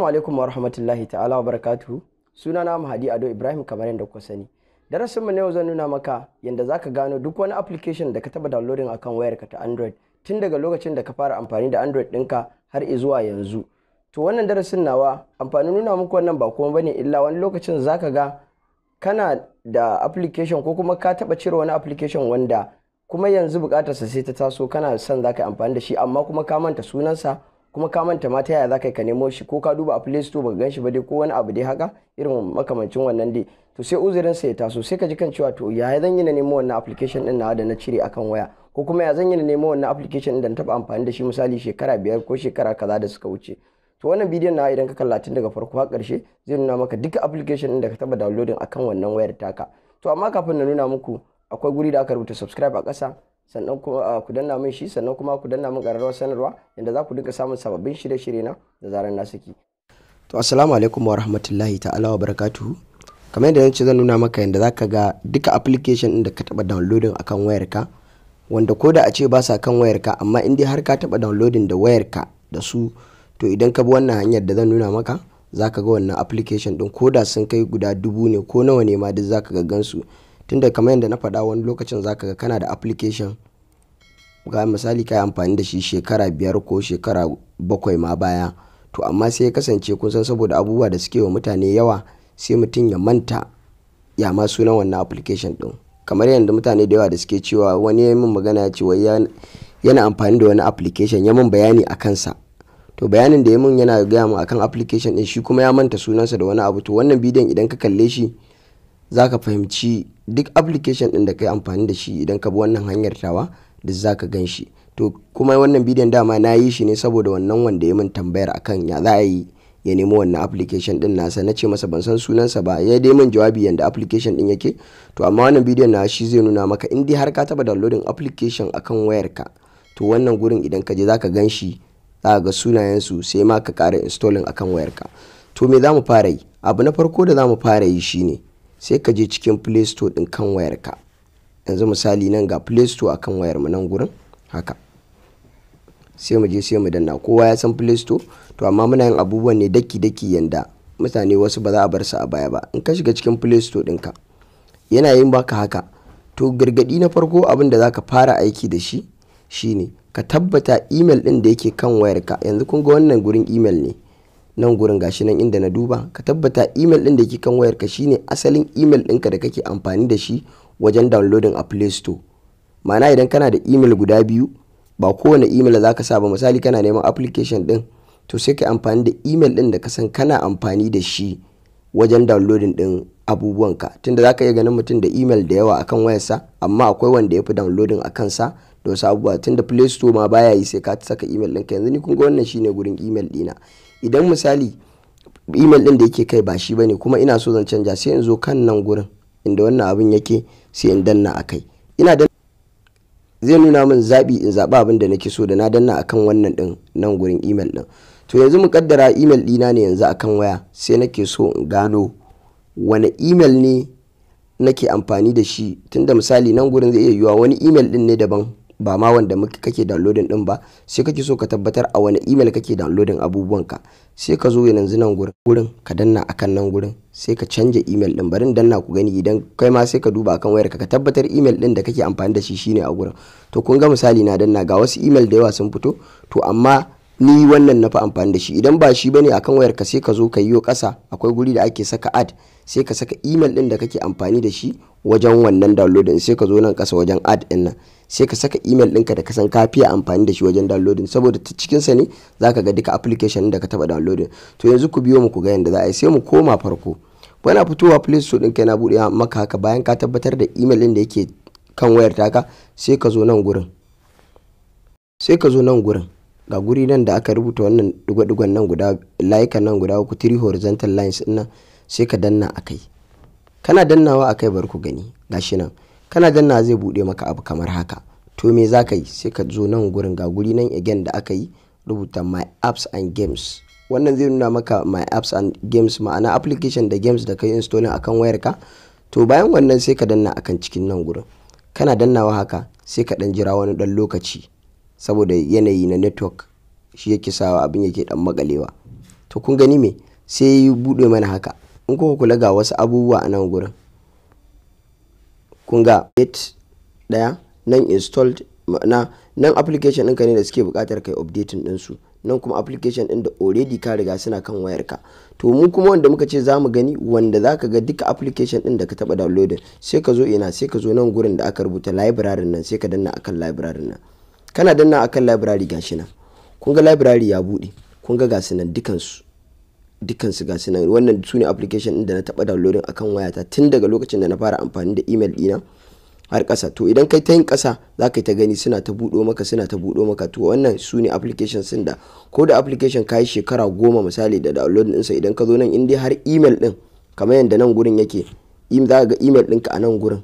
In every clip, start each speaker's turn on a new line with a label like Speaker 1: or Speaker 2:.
Speaker 1: Assalamu alaikum wa rahmatullahi ta'ala wa barakatuhu. Suna na Mahadi Ado Ibrahim kamar yadda kuka sani. Darasin mu na yau zan nuna maka yadda zaka gano duk wani application da ka taba downloading akan wayar ka ta Android tun daga lokacin da ka fara amfani da Android ɗinka har zuwa yanzu. To wannan darasin nawa amfani nuna muku wannan ba kuma bane illa wani lokacin zaka ga kana da application ko kuma ka taba cire wani application wanda kuma yanzu bukatarsa sai ta taso kana son zaka amfani da shi amma kuma ka manta sunansa kuma ka manta ma ta yaya za ka yi ka nemo shi ko ka duba a play store baka gan shi ba dai ko wani abu dai haka irin makamancin wannan dai to sai uzurin sa ya taso sai ka ji kan cewa to yaya zan yi na nemo wannan application din na da na cire akan waya ko kuma ya zan yi na nemo wannan application din da na taba amfani da shi misali shekara biyar ko shekara kaza da suka wuce to wannan bidiyon na idan ka kalla tun daga farko har karshe zai nuna maka duka application din da ka taba downloading akan wannan wayar taka to amma kafin na nuna muku akwai guri da aka rubuta subscribe a ƙasa sannan kuma ah, ku danna min shi sannan kuma ku danna min ƙararrawar sanarwa inda za ku dinga samun sababbin shirye-shirye na da zarar na saki to assalamu alaikum wa rahmatullahi ta'ala wa barakatuhu kamar yadda nace zan nuna maka yadda zaka ga duka application din da ka taba downloading akan wayarka wanda ko da a ce ba sa kan wayarka amma in dai har ka taba downloading da wayar ka da su to idan ka bi wannan hanyar da zan nuna maka zaka ga wannan application din ko da sun kai guda dubu ne ko nawa ne ma duk zaka ga gansu tunda kamar yadda na faɗa wani lokacin zaka ga kana da application ga misali yi amfani da shi shekara biyar ko shekara bakwai ma baya to amma sai ya kasance kun san saboda abubuwa da suke wa mutane yawa sai mutum ya manta ya ma sunan wannan application din kamar yadda mutane da yawa da suke cewa wani ya min magana ya ce wai yana amfani da wani application ya min bayani a kansa to bayanin da ya min yana gaya min akan application din shi kuma ya manta sunansa da wani abu to wannan bidiyon idan ka kalle shi za ka fahimci duk application ɗin da ka yi amfani da shi idan ka bi wannan hanyar tawa da za ka gan shi to kuma wannan bidiyon dama na yi shi ne saboda wannan wanda ya min tambayar akan ya za a yi ya nemo wannan application din nasa na ce masa ban san sunansa ba ya dai min jawabi yanda application din yake to amma wannan bidiyon na shi zai nuna maka in dai har ka taba downloading application akan wayarka to wannan gurin idan ka je za ka gan shi za ga sunayen su sai ma ka kara installing akan ka to me za mu fara yi abu na farko da za mu fara yi shine sai ka je cikin play store din kan wayarka yanzu misali nan ga play store akan wayar mu nan gurin haka sai mu je sai mu danna kowa ya san play store to amma muna yin abubuwan ne daki daki yanda mutane wasu ba za a bar su a baya ba in ka shiga cikin play store ka yana yin baka haka to gargadi na farko abin da zaka fara aiki da shi shine ka tabbata email din da yake kan wayarka yanzu kun ga wannan gurin email ne nan gurin gashi nan inda na duba ka tabbata email din da ke kan wayarka shine asalin email ɗinka da kake amfani da shi wajen downloading a play store ma'ana idan kana da email guda biyu ba kowane email za ka sa ba misali kana neman application din to sai ka amfani da email din da ka san kana amfani da shi wajen downloading din abubuwan ka tunda za ka iya ganin mutum da email da yawa akan wayarsa amma akwai wanda ya fi downloading a kansa da wasu abubuwa tunda play store ma baya yi sai ka saka email ɗinka yanzu ni kun ga wannan shine gurin email ɗina idan misali email din da yake kai ba shi bane kuma ina so zan canja sai in zo kan nan gurin inda wannan abin yake sai in danna a kai ina da zai nuna min zabi in zaba abin da nake so da na danna akan wannan din nan gurin email din to yanzu mu kaddara email dina ne yanzu akan waya sai nake so in gano wani email ne nake amfani da shi tunda misali nan gurin zai iya yiwa wani email din ne daban ba ma wanda kake downloading din ba sai kake so ka tabbatar a wani email kake downloading abubuwanka sai ka zo yanzu nan gurin ka danna akan nan gurin sai ka canja email din barin danna ku gani idan kai ma sai ka duba akan wayarka ka tabbatar email din da kake amfani da shi shine a gurin to kun ga misali na danna ga wasu email da yawa sun fito to amma ni wannan na fi amfani da shi idan ba shi bane akan wayar ka sai ka zo ka yi yo kasa akwai guri da ake saka ad sai ka saka email din da kake amfani da shi wajen wannan downloading sai ka zo nan kasa wajen add din nan sai ka saka email ɗinka da ka san ka fiye amfani da shi wajen downloading saboda ta cikin sa ne ka ga duka application da ka taba downloading to yanzu ku biyo mu ku ga yanda za a yi sai mu koma farko bana fitowa play store ɗinka yana buɗe maka haka bayan ka tabbatar da email ɗin da yake kan wayar taka sai ka zo nan gurin sai ka zo nan gurin ga guri nan da aka rubuta wannan digo-digon nan guda layukan nan guda uku three horizontal lines ɗin nan sai ka danna a kai kana dannawa a kai bar ku gani gashi nan kana danna zai buɗe maka abu kamar haka to me za ka yi sai ka zo nan gurin ga guri nan again da aka yi rubuta my apps and games wannan zai nuna maka my apps and games ma'ana application da games da kai installing akan wayarka to bayan wannan sai ka danna akan cikin nan gurin kana dannawa haka sai ka dan jira wani dan lokaci saboda yanayi na network shi yake sawa abin yake dan makalewa to kun gani me sai ya bude mana haka in kuka kula ga wasu abubuwa a nan gurin kun ga 8 daya nan installed na nan application ɗinka ne da suke buƙatar kai updating ɗinsu nan kuma application ɗin da already ka riga suna kan wayarka to mu kuma wanda muka ce za mu gani wanda za ka ga duka application ɗin da ka taɓa downloading sai ka zo ina sai ka zo nan gurin da aka rubuta library nan sai ka danna akan library nan kana danna akan library gashi nan kun ga library ya buɗe kun ga gasu nan dukansu dukkan su gasu nan wannan su ne application din da na taba downloading akan wayata tun daga lokacin da na fara amfani da email dina har kasa to idan kai ta yin kasa za ka ta gani suna ta buɗo maka suna ta buɗo maka to wannan su ne application sun da ko da application ka yi shekara goma misali da download ɗinsa idan ka zo nan in dai har email din kamar yadda nan gurin yake za ka ga email ɗinka a nan gurin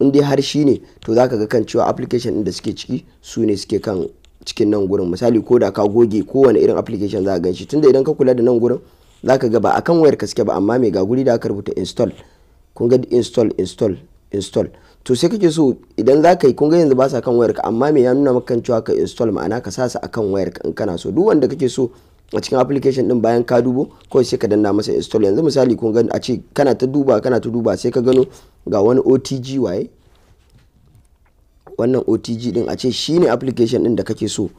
Speaker 1: in har shi ne to za ka ga kan cewa application ɗin da suke ciki su ne suke kan cikin nan gurin misali ko da ka goge kowane irin application za a gan shi tunda idan ka kula da nan gurin za ka ga ba kan wayar ka suke ba amma mai ga guri da aka rubuta install kun ga install install install to sai kake so idan za ka yi kun ga yanzu ba sa kan wayarka amma mai ya nuna maka cewa ka install ma'ana ka sa su akan wayarka in kana so duk wanda kake so a cikin application din bayan ka dubo kawai sai ka danna masa install yanzu misali kun ga a ce kana ta duba kana ta duba sai ka gano ga wani OTG waye wannan otg din a ce shine application din da kake so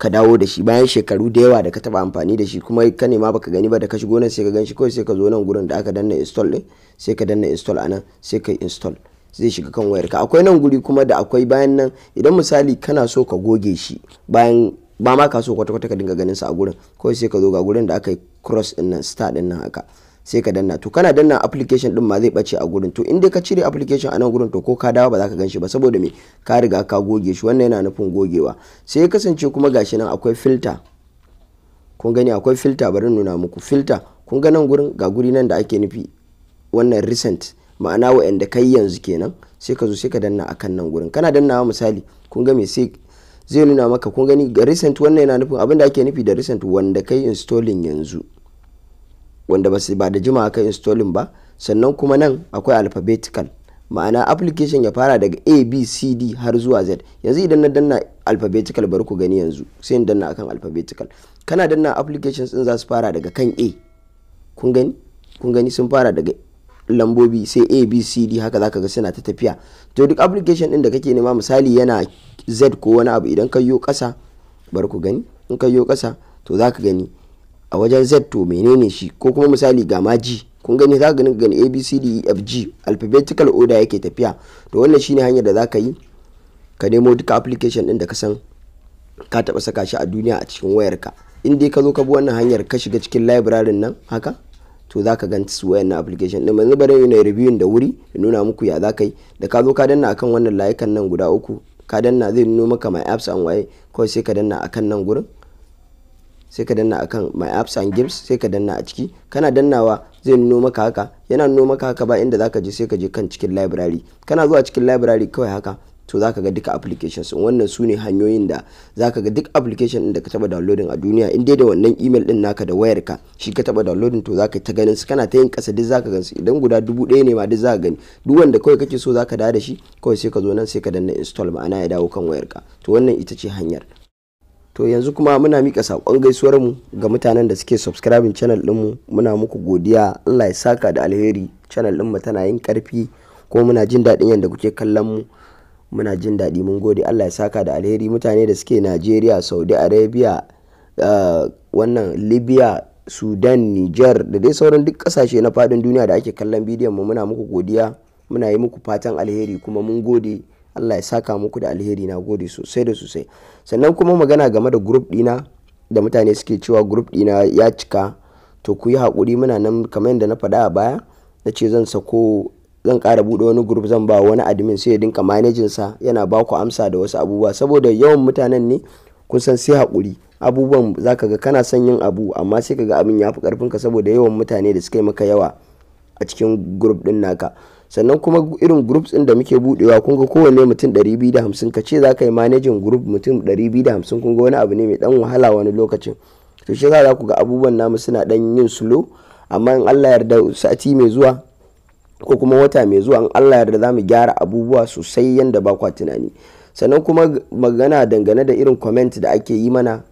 Speaker 1: ka dawo da shi bayan shekaru da yawa da ka taba amfani da shi kuma ka nema baka gani ba da ka shigo nan sai ka gan shi kawai sai ka zo nan gurin da aka danna install din sai ka danna install anan sai ka install zai shiga kan wayar ka akwai nan guri kuma da akwai bayan nan idan misali kana so ka goge shi bayan ba ma ka so kwata-kwata ka dinga ganin sa a gurin kawai sai ka zo ga gurin da aka yi cross din nan star din nan haka sai ka danna to kana danna application din ma zai bace a gurin to in dai ka cire application a nan gurin to ko ka dawo ba za ka ganshi ba saboda me ka riga ka goge shi wannan yana nufin gogewa sai ya kasance kuma gashi nan akwai filter kun gani akwai filter bari nuna muku filter kun ga nan gurin ga guri nan da ake nufi wannan recent ma'ana wa'anda kai yanzu kenan sai ka zo sai ka danna akan nan gurin kana dannawa misali kun ga me sai zai nuna maka kun gani recent wannan yana nufin abin da ake nufi da recent wanda kai installing yanzu wanda ba ba da jima aka installing ba sannan kuma nan akwai alphabetical ma'ana application ya fara daga a b c d har zuwa z yanzu idan na danna alphabetical bari ku gani yanzu sai na danna akan alphabetical kana danna applications din za su fara daga kan a kun gani kun gani sun fara daga lambobi sai a b c d haka zaka ga suna ta tafiya to duk application din da kake nema misali yana z ko wani abu idan ka kasa bari ku gani in ka yo kasa to zaka gani a wajen z to menene shi ko kuma misali ga ma g kun gani za ka gani gani a b c d e f alphabetical order yake tafiya to wannan shine hanyar da za ka yi ka nemo duka application din da ka san ka taba saka shi a duniya a cikin wayarka in dai ka zo ka bi wannan hanyar ka shiga cikin library nan haka to za ka ganta su wayannan application din yanzu bari na reviewing da wuri da nuna muku ya za ka yi da ka zo ka danna akan wannan layukan nan guda uku ka danna zai nuna maka my apps an waye kawai sai ka danna akan nan gurin sai ka danna akan my apps and games sai ka danna a ciki kana dannawa zai nuno maka haka yana nuno maka haka ba inda zaka je sai ka je kan cikin library kana zuwa cikin library kawai haka to zaka ga duka applications wannan su ne hanyoyin da zaka ga duk application din da ka taba downloading a duniya in dai da wannan email din naka da wayarka shi ka taba downloading to zaka ta ganin su kana ta yin kasa duk zaka gansu idan guda dubu daya ne ma duk zaka gani duk wanda kawai kake so zaka dawo da shi kawai sai ka zo nan sai ka danna install ma'ana ya dawo kan wayarka to wannan ita ce hanyar to yanzu kuma muna mika sakon gaisuwar mu ga mutanen da suke subscribing channel mu muna muku godiya Allah ya saka da alheri channel dinmu tana yin karfi ko muna jin daɗin yadda kuke kallon mu muna jin daɗi mun gode Allah ya saka da alheri mutane da suke Najeriya Saudi Arabia uh, wannan Libya Sudan Niger da dai sauran duk ƙasashe na faɗin duniya da ake kallon bidiyon mu muna muku godiya muna yi muku fatan alheri kuma mun gode Allah ya saka muku da alheri na gode sosai da sosai sannan kuma magana game da group dina da mutane suke cewa group dina ya cika to ku yi haƙuri muna nan kamar yadda na faɗa a baya na ce zan sako zan ƙara buɗe wani group zan ba wani admin sai ya dinka manajin sa yana ba ku amsa da wasu abubuwa saboda yawan mutanen ne kun san sai haƙuri abubuwan zaka ga kana son yin abu amma sai ka ga abin ya fi ƙarfinka saboda yawan mutane da suka yi maka yawa a cikin group ɗin naka sannan kuma irin groups ɗin da muke budewa kun ga kowanne mutum 250 ka ce za ka yi managing group mutum 250 kun ga wani abu ne mai dan wahala wani lokacin to shi za ku ga abubuwan namu suna dan yin slow amma in Allah yarda sati mai zuwa ko kuma wata mai zuwa in Allah yarda za mu gyara abubuwa sosai yanda ba kwa tunani sannan kuma magana dangane da irin comment da ake yi mana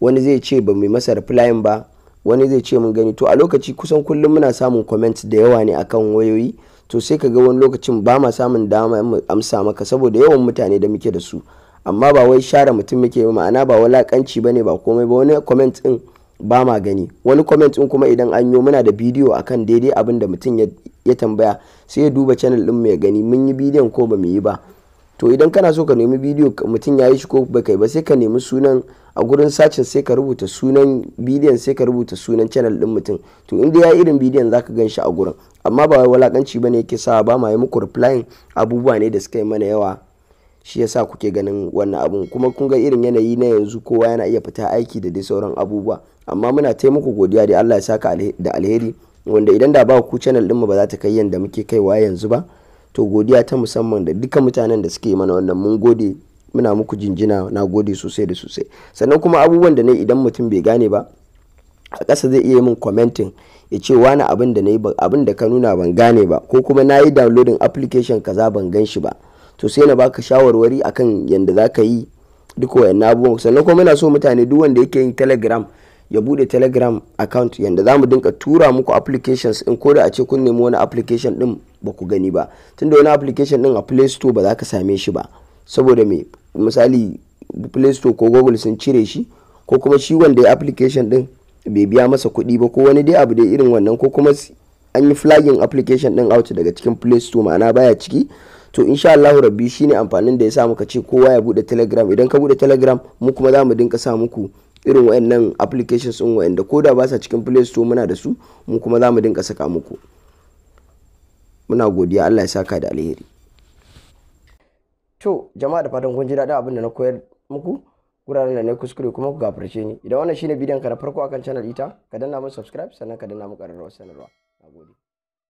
Speaker 1: wani zai ce ba mai masa replying ba wani zai ce mun gani to a lokaci kusan kullum muna samun comment da yawa ne akan wayoyi to sai ka ga wani lokacin ba ma samun dama mu amsa maka saboda yawan mutane da muke da su amma ba wai share mutum muke ba ma'ana ba walakanci bane ba komai ba wani comment din ba ma gani wani comment din kuma idan an yi muna da bidiyo akan daidai abin da mutum ya tambaya sai ya duba channel din mu ya gani mun yi bidiyon ko ba mu yi ba to idan kana so ka nemi bidiyo mutum ya yi shi ko ba kai ba sai ka nemi sunan a gurin sacin sai ka rubuta sunan bidiyon sai ka rubuta sunan channel din mutum to inda ya irin bidiyon zaka gan shi a gurin amma ba wai ba ne yake sa ba ma yi muku replying abubuwa ne da suka yi mana yawa shi yasa kuke ganin wannan abu kuma kun ga irin yanayi na yanzu kowa yana iya fita aiki da dai sauran abubuwa amma muna taimako godiya da Allah ya saka da alheri wanda idan da ba ku channel din mu ba za ta kai yanda muke kaiwa yanzu ba to godiya ta musamman da duka mutanen da suke mana wannan mun gode muna muku jinjina na gode sosai da sosai sannan kuma abubuwan da na idan mutum bai gane ba a ƙasa zai iya min commenting ya ce wani abin da na abin da ka nuna ban gane ba ko kuma na yi downloading application kaza ban gan shi ba to sai na baka shawarwari akan yadda za ka yi duk wayannan abubuwan sannan kuma muna so mutane duk wanda yake yin telegram ya bude telegram account yadda za mu dinka tura muku applications in ko da a ce kun nemi wani application din ba ku gani ba tunda wani application din a play store ba za ka same shi ba saboda me misali play store ko google sun cire shi ko kuma shi wanda ya application din bai biya masa kuɗi ba ko wani dai abu dai irin wannan ko kuma an yi flagging application din out daga cikin play store ma'ana baya ciki to insha Allah rabbi shine amfanin da ya sa muka ce kowa ya bude telegram idan ka bude telegram mu kuma za mu dinka sa muku irin wayannan applications din wayanda ko da ba sa cikin play store muna da su mu kuma za mu dinka saka muku muna godiya Allah ya saka da alheri to jama'a da fatan kun ji daɗin abin da na koyar muku wuraren da na kuskure kuma ku gafarce ni idan wannan shine bidiyon ka na farko akan channel ita ka danna mun subscribe sannan ka danna mun ƙararrawar sanarwa nagode